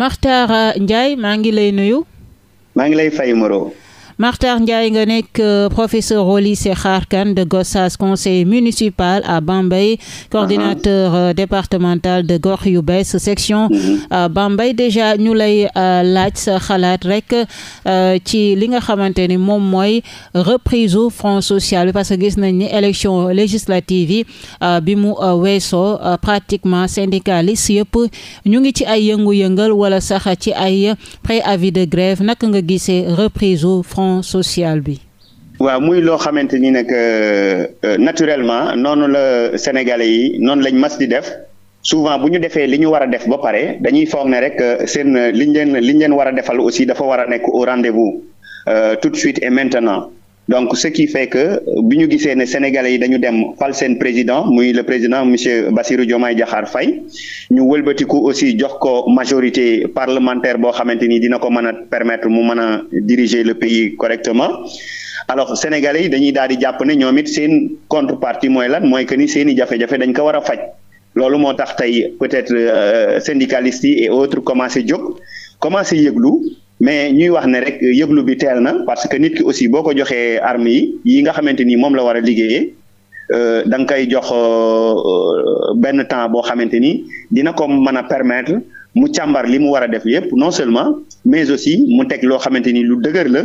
Makhtar Ndiaye maa ngi lay nuyu. maa ngi lay fay Moreau. Makhtar Ndiaye nga nekk euh, professeur au lycée Kharkane de Gossas conseil municipal à Bambey coordinateur uh-huh. euh, départemental de Gox Yu Bees section uh-huh. Bambey déjà ñu lay euh, laaj sa xalaat rek ci li nga xamante ni moom mooy reprise u front social bi parce que gis nañ ni élection législative yi bi mu weesoo pratiquement syndicalistes yëpp ñu ngi ci ay yëngu-yëngal wala sax ci ay préavis de grève naka nga gisee reprise front dimension sociale bi. waaw muy loo xamante ni nag euh, euh, naturellement noonu la sénégalais yi noonu lañ mas di def souvent bu ñu defee li ñu war a def ba pare dañuy foog ne rek euh, seen liñ leen liñ leen war a defal aussi dafa war a nekk au rendez-vous tout de suite et maintenant. donc ce qui fait que bi ñu gisee ne sénégalais yi dañu dem fal seen président muy le président monsieur Bassirou Diomaye Diakhar fay ñu wëlbatiku aussi jox ko majorité parlementaire boo xamante ni dina ko mën a permettre mu mën a diriger le pays correctement alors sénégalais yi dañuy daal di jàpp ne ñoom it seen contrepartie mooy lan mooy que ni seen i jafe-jafe dañ ko war a faj loolu moo tax tey peut-être euh, syndicalistes yi et autres commencé jóg commencé yëglu. mais ñuy wax ne rek yëglu bi teel na parce que nit ki aussi boo ko joxee armes yi yi nga xamante ni moom la wara a liggéeyee euh, da nga koy jox euh, benn temps boo xamante ni dina ko mën a permettre mu càmbar li mu war a def yëpp non seulement mais aussi mu teg loo xamante ni lu dëgër la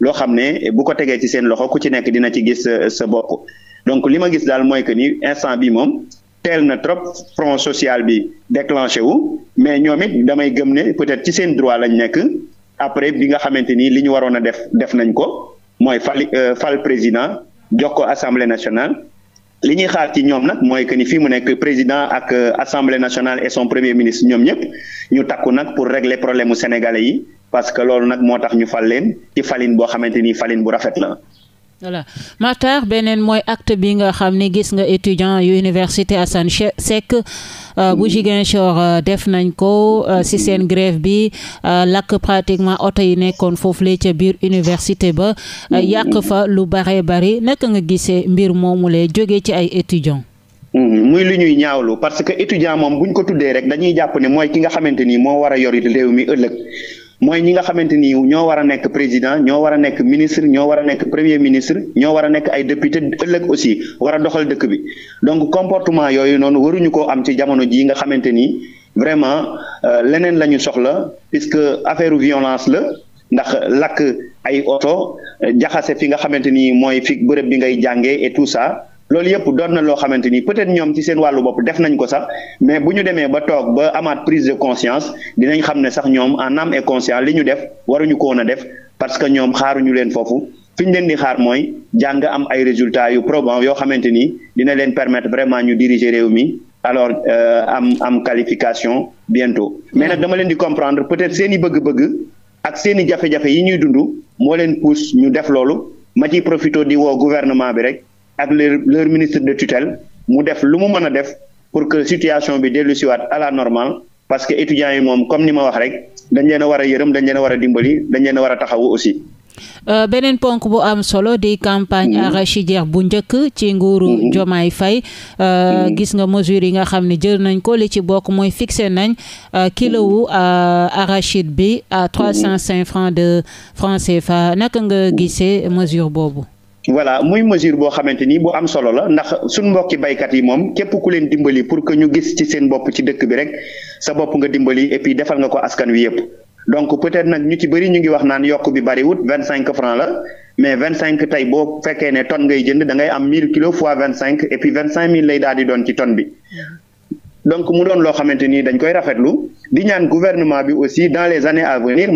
loo xam ne bu ko tegee ci seen loxo ku ci nekk dina ci gis euh, sa bopp donc li ma gis daal mooy que ni instant bi moom teel na trop front social bi déclenché wu mais ñoom it damay gëm ne peut-être ci seen droit lañ nekk. après bi nga xamante ni li ñu waroon a def def nañ ko mooy fal euh, fal président jox ko assemblée nationale li ñuy xaar ci ñoom nag mooy que ni fii mu nekk président ak euh, assemblée nationale et son premier ministre ñoom ñëpp ñu takku nag pour régler problème mu sénégalais yi parce que loolu nag moo tax ñu fal leen ci falin boo xamante ni falin bu rafet la. voilà Matar beneen mooy acte bi nga xam ni gis nga étudiant yu université Assane Seck euh, bu Ziguinchor euh, def nañ ko ci euh, seen grève bi lakk pratiquement oto yi nekkoon foofu foofule ca biir université ba yàq fa lu bare bari naka nga gisee mbir moomu lay jóge ci ay étudiant mm-hmm. muy lu ñuy ñaawlu parce que étudiant moom bu ñu ko tuddee rek dañuy jàpp ne mooy ki nga xamante ni moo war a yor réew mi ëllëg mooy ñi nga xamante ni ñoo war a nekk président ñoo war a nekk ministre ñoo war nekk premier ministre ñoo war a nekk ay député ëllëg aussi war a doxal dëkk bi donc comportement yooyu noonu waruñu koo am ci jamono jii nga xamante ni vraiment euh, leneen la ñu soxla puisque affaire violence la ndax lakk ay oto jaxase fi nga xamante ni mooy fi bërëb bi ngay jàngee et tout ça loolu yëpp doon na loo xamante ni peut-être ñoom ci seen wàllu bopp def nañ ko sax mais bu ñu demee ba toog ba amaat prise de conscience dinañ xam ne sax ñoom en âme et conscience li ñu def waru ñu woon a def parce que ñoom xaaruñu leen foofu fi ñu leen di xaar mooy jàng am ay résultats yu probants yoo xamante ni dina leen permettre vraiment ñu diriger réew mi alors euh, am am qualification bientôt. mais nag dama leen di comprendre peut-être seeni bëgg-bëgg ak seen i yi ñuy dund moo leen pousse ñu def loolu ma ciy profité di woo gouvernement bi rek. ak leur leur ministre de tutelle mu def lu mu mën a def pour que situation bi dellu siwaat à la normale parce que étudiants yi moom comme ni ma wax rek dañ leen a a yërëm dañ leen a war a dimbali dañ leen a war a taxawu aussi. Euh, beneen ponk bu am solo di campagne mm -hmm. bu njëkk ci nguuru mm -hmm. Diomaye Faye euh, mm-hmm. gis nga mesures yi nga xam ne jël nañ ko li ci bokk mooy fixé nañ uh, kilo mm-hmm. euh, arachide bi à trois cent cinq francs de francs fa naka nga mm-hmm. gisee mesure boobu voilà muy mesure boo xamante ni bu am solo la ndax suñ mbokki baykat yi moom képp ku leen dimbali pour que ñu gis ci seen bopp ci dëkk bi rek sa bopp nga dimbali et puis defal nga ko askan wi yëpp donc peut nag ñu ci bëri ñu ngi wax naan yokk bi bariwut vingt cinq franc la mais vingt cinq tey boo fekkee ne tonne ngay jënd da ngay am mille kilos fois vingt cinq et puis vingt cinq mille lay daal doon ci tonne bi donc mu doon loo xamante ni dañ koy rafetlu di ñaan gouvernement bi aussi dans les années à venir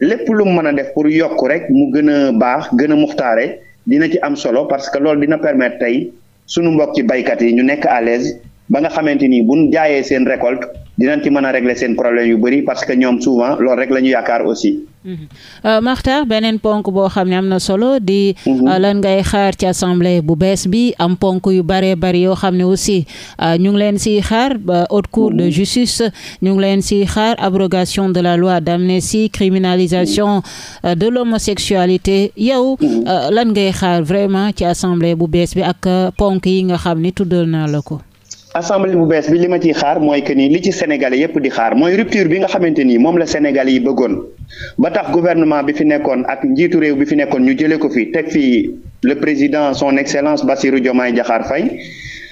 lépp lu mu mën a def pour yokk rek mu gën a baax gën a muxtaare dina ci am solo parce que loolu dina permettre tey suñu mbokki baykat yi ñu nekk à l'aise ba nga xamante ni buñ jaayee seen récolte dinañ ci mën a régler seen problème yu bëri parce que ñoom souvent loolu rek lañu yaakaar aussi Mhm. Euh, Makhtar beneen ponk boo xam ne am na solo di. Mhm. Euh, lan ngay xaar ci assemblée bu bees bi am ponk yu bëree bëri yoo xam ne aussi euh, ñu ngi leen siy xaar ba haute cour de mhm. justice ñu ngi leen siy xaar abrogation de la loi d'amnistie criminalisation de l'homosexualité yow. lan ngay xaar vraiment ci assemblée bu bees bi ak ponk yi nga xam ni tuddal naa la ko. assemblée bu bees bi li ma ciy xaar mooy que ni li ci sénégalais yépp di xaar mooy rupture bi nga xamante ni moom la sénégalais yi bëggoon ba tax gouvernement bi fi nekkoon ak njiitu réew bi fi nekkoon ñu jëlee ko fi teg fi le président son excellence Bassirou Diomaye jaxaar fay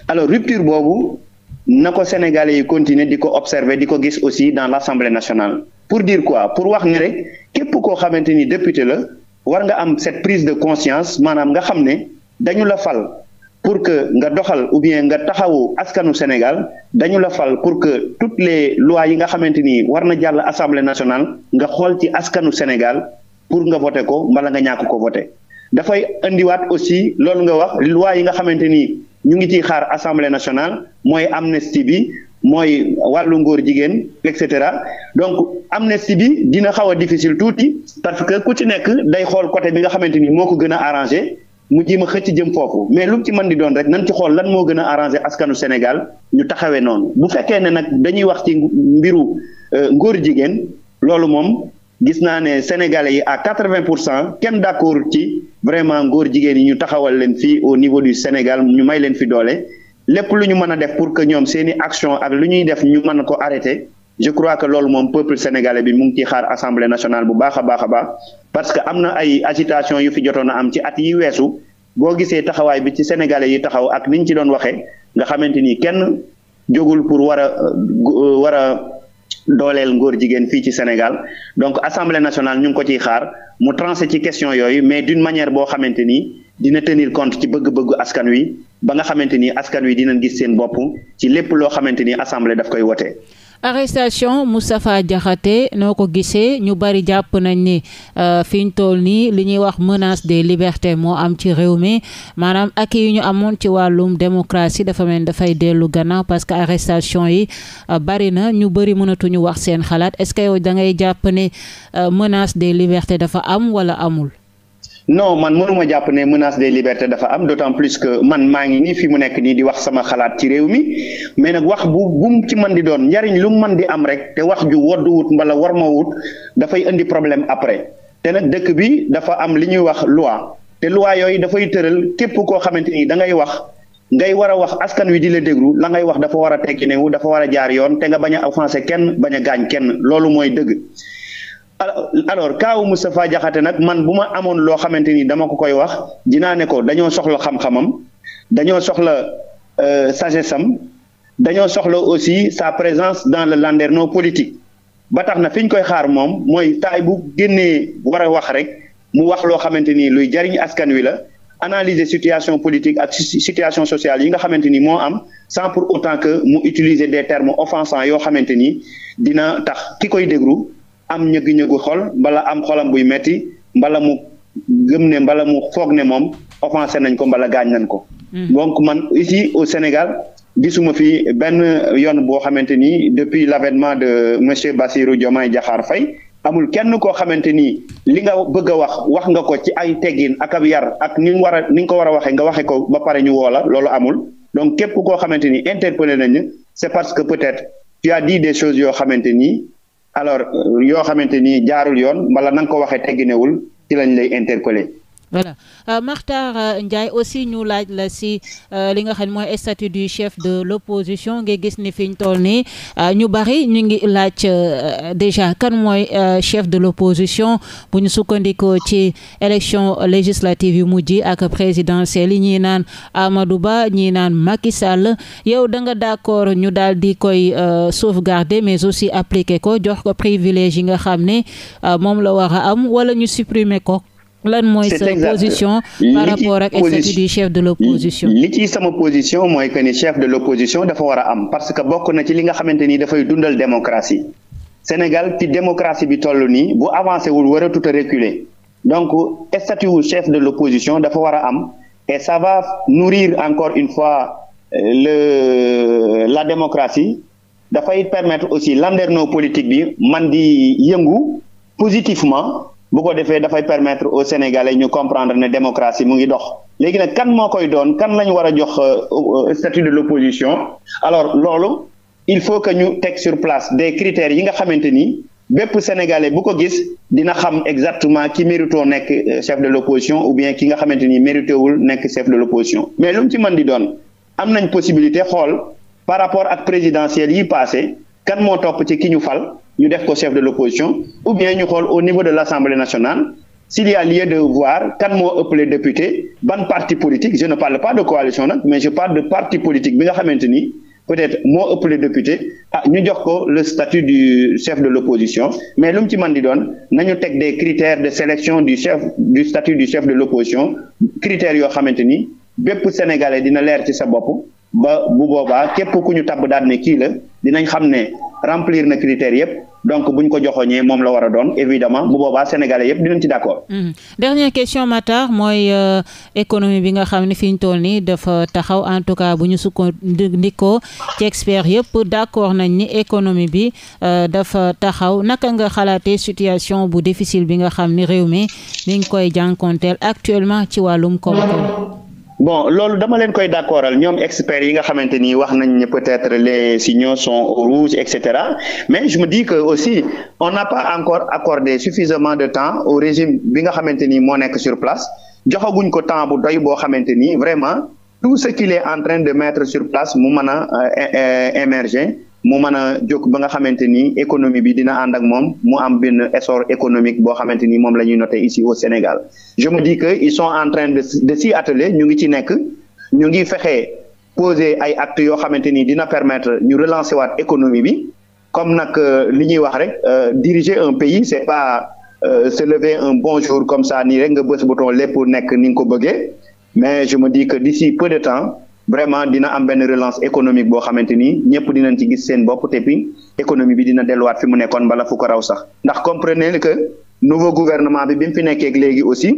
alors rupture boobu na ko sénégalais yi continuer di ko observer di ko gis aussi dans l'assemblée nationale pour dire quoi pour wax ni rek képp koo xamante ni député la war nga am cette prise de conscience maanaam nga xam ne dañu la fal. pour que nga doxal ou bien nga taxawu askanu Sénégal dañu la fal pour que toutes les lois yi nga xamante ni war na jàll assemblée nationale nga xool ci askanu Sénégal pour nga voté ko mbala nga ñàkk ko voté dafay indiwaat aussi loolu nga wax loi yi nga xamante ni ñu ngi ciy xaar assemblée nationale mooy amnistie bi mooy wàllu ngóor jigéen et cetera donc amnistie bi dina xaw a difficile tuuti parce que ku ci nekk day xool côté bi nga xamante ni moo ko gën a arrangé mu jéem a xëcc jëm foofu mais lu mu ci man di doon rek nan ci xool lan moo gën a arrangé askanu Sénégal ñu taxawee noonu bu fekkee ne nag dañuy wax ci mbiru euh, ngóor jigéen loolu moom gis naa ne Sénégalais yi à quatre-vingt pour cent kenn d'accord ci vraiment ngóor jigéen yi ñu taxawal leen fii au niveau du Sénégal ñu may leen fi doole lépp lu ñu mën a def pour que ñoom seeni action ak lu ñuy def ñu mën ko arrêté je crois que loolu moom peuple sénégalais bi mu ngi ciy xaar assemblée nationale bu baax a baax baax parce que am na ay agitation yu fi jotoon a am ci at yi weesu boo gisee taxawaay bi ci sénégalais yi taxaw ak niñ ci doon waxee nga xamante ni kenn jógul pour war a euh, war a dooleel ngóor jigéen fii ci Sénégal donc assemblée nationale ñu ngi ko ciy xaar mu tranché ci question yooyu mais d'une manière boo xamante ni dina tenir compte ci bëgg-bëggu askan wi ba nga xamante ni askan wi dinañ gis seen bopp ci lépp loo xamante ni assemblée daf koy wote arrestation Moustapha Diakhaté noo ko gisee ñu bari jàpp nañ ni euh, fi ñu toll nii li ñuy wax menace de libertés moo am ci réew mi maanaam ak yi ñu amoon ci wàllum démocratie dafa mel dafay dellu gannaaw parce que arrestation yi euh, bari na ñu bari mënatuñu wax seen xalaat est-ce que yow da ngay jàpp ne euh, menace de libertés dafa am wala amul. non man mënuma jàpp ne menace des libertés dafa am d'autant plus que man maa ngi nii fi mu nekk nii di wax sama xalaat ci réew mi mais nag wax bu bu ci man di doon njariñ lu man di am rek te wax ju wodduwut mbala war ma wut dafay indi problème après te nag dëkk bi dafa am li ñuy wax loi te luwa yooyu dafay tëral képp koo xamante ni da ngay wax ngay war a wax askan wi di la déglu la ngay wax dafa war a tekki newu dafa war a jaar yoon te nga bañ a offensé kenn bañ a gaañ kenn loolu mooy dëgg alors kaaw Moustapha Diakhaté nag man bu ma amoon loo xamante ni dama ko koy wax dinaa ne ko dañoo soxla xam-xamam dañoo soxla euh, sagesse am dañoo soxla aussi sa présence dans le landerneau politique ba tax na fi ñu koy xaar moom mooy taay bu génnee war a wax rek mu wax loo xamante ni luy jariñ askan wi la analyser situation politique ak situation sociale yi nga xamante ni moo am sans pour autant que mu utiliser des termes offensants yoo xamante nii dina tax ki koy dégrou am ñëgg-ñëggu xol bala am xolam buy metti mbala mu gëm ne mbala mu foog ne moom offensé nañ ko mbala gaañ nañ ko. Hmm. donc man ici au Sénégal gisuma fi benn yoon boo xamante ni depuis l'avènement de monsieur Bassirou Diomaye Diakhar Faye amul kenn koo xamante ni li nga bëgg a wax wax nga ko ci ay teggin ak a yar ak ni war a ni nga ko war a waxee nga waxe ko ba pare ñu woo la loolu amul donc képp koo xamante ni na nañu c'est parce que peut-être tu as dit yoo xamante ni. alors euh, yoo xamante ni jaarul yoon wala na nga ko waxee tegginewul ci lañ lay interpeller voilà euh, Makhtar euh, Ndiaye aussi ñu laaj la si euh, li nga xam mooy statut du chef de l' opposition nga gis ni fi ñu toll nii ñu bari ñu ngi laaj déjà kan mooy chef de l' opposition bu ñu sukkandikoo ci élection législative yu mujj ak présidentielle yi ñii naan Amadou Ba ñii naan Macky Sall yow da nga d' accord ñu daal di koy sauvegarder mais aussi appliquer ko jox ko privilège yi nga xam ne moom la war a am wala ñu supprimer ko. la mooy sa position par rapport ak statut du chef de l'opposition li ci sama position mooy que ni chef de l'opposition dafa war a am parce que bokk na ci li nga xamante ni dafay dundal démocratie Sénégal ci démocratie bi toll nii bu avancé wul war a tout a reculer donc statut wu chef de l'opposition dafa war a am et ça va nourrir encore une fois euh, le la démocratie dafay permettre aussi landerneau politique bi man di yëngu positivement bu ko defee dafay permettre au Sénégalais ñu comprendre ne démocratie mu ngi dox léegi nag kan moo koy doon kan lañ war a jox euh, euh, statut de l'opposition alors loolu il faut que ñu teg sur place des critères yi nga xamante ni bépp sénégalais bu ko gis dina xam exactement ki mérito nekk euh, chef de l'opposition ou bien ki nga xamante ni méritewul nekk chef de l'opposition mais lu mu ci mën di doon am nañ possibilité xool par rapport ak présidentielles yi passé kan moo topp ci ki ñu fal ñu def ko chef de l'opposition ou bien ñu xool au niveau de l'Assemblée nationale s'il y a lieu de voir kan moo ëpp les députés ban parti politique je ne parle pas de coalition nag mais je parle de parti politique bi nga xamante ni peut-être moo ëpp les députés ah ñu jox ko le statut du chef de l'opposition mais lu mu ci man di doon nañu teg des critères de sélection du chef du statut du chef de l'opposition critères yoo xamante ni bépp sénégalais dina leer ci sa bopp ba bu boobaa képp ku ñu tabb daal ne kii la dinañ xam ne remplir na critères yëpp donc buñ ko joxoñee moom la war a doon évidemment bu boobaa sénégalais yëpp dinañ ci d'accord. Mmh. dernière question Matar mooy euh, économie bi nga xam ne fi ñu toll nii dafa taxaw en tout cas bu ñu sukkoo sukkandikoo ci expert yëpp d'accord nañ ni économie bi euh, dafa taxaw naka nga xalaatee situation bu difficile bi nga xam ni réew mi mi ngi koy jànkonteel actuellement ci wàllum kom bon loolu dama leen koy d'accordal ñoom experts yi nga xamante ni wax nañ ne peut-être les signaux sont rouges et cetera mais je me dis que aussi on n'a pas encore accordé suffisamment de temps au régime bi nga xamante ni moo nekk sur place joxaguñ ko temps bu doy boo xamante ni vraiment tout ce qu'il est en train de mettre sur place mu mën a euh, euh, émerger mu mën a jóg ba nga xamante ni économie bi dina ànd ak moom mu am benn essor économique boo xamante ni moom la ñuy noter ici au Sénégal je me dis que ils sont en train de de s'y atteler ñu ngi ci nekk ñu ngi fexe poser ay actes yoo xamante ni dina permettre ñu relancer waat économie bi comme nag euh, li ñuy wax rek euh, diriger un pays c'est pas euh, se lever un bon jour comme ça nii rek nga bës bouton lépp nekk ni nga ko bëggee mais je me dis que d'ici peu de temps vraiment dina am benn relance économique boo xamante ni ñëpp dinañ ci gis seen bopp te puis économie bi dina delluwaat fi mu nekkoon bala fu ko raw sax ndax comprenez que nouveau gouvernement bi bi mu fi nekkee léegi aussi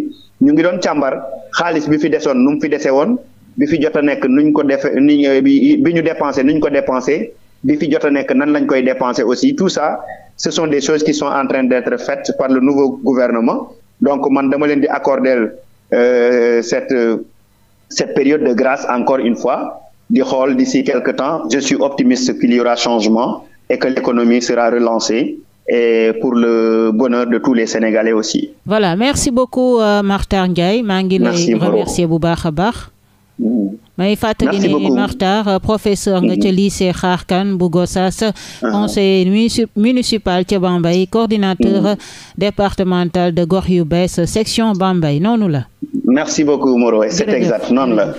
ñu ngi doon càmbar xaalis bi fi desoon nu mu fi dese woon bi fi jot a nekk nuñ ko defee ni bi ñu dépensé nuñ ko dépensé bi fi jot a nekk nan lañ koy dépensé aussi tout ça ce sont des choses qui sont en train d'être faites par le nouveau gouvernement donc man dama leen di accorder euh, cette euh, cette période de grâce, encore une fois, du rôle d'ici temps, je suis optimiste qu'il y aura changement et que l'économie sera relancée et pour le bonheur de tous les Sénégalais aussi. Voilà, merci beaucoup euh, Martin Ndiaye maa ngi lay remercier bu baax a baax. Mm-hmm. may fàttali ne Makhtar euh, professeur nga ca mm-hmm. lycée Kharkane bu Gossas ah. conseiller municipal ca bambay coordinateur mm-hmm. départemental de gox yu bees section bambay noonu la noonu la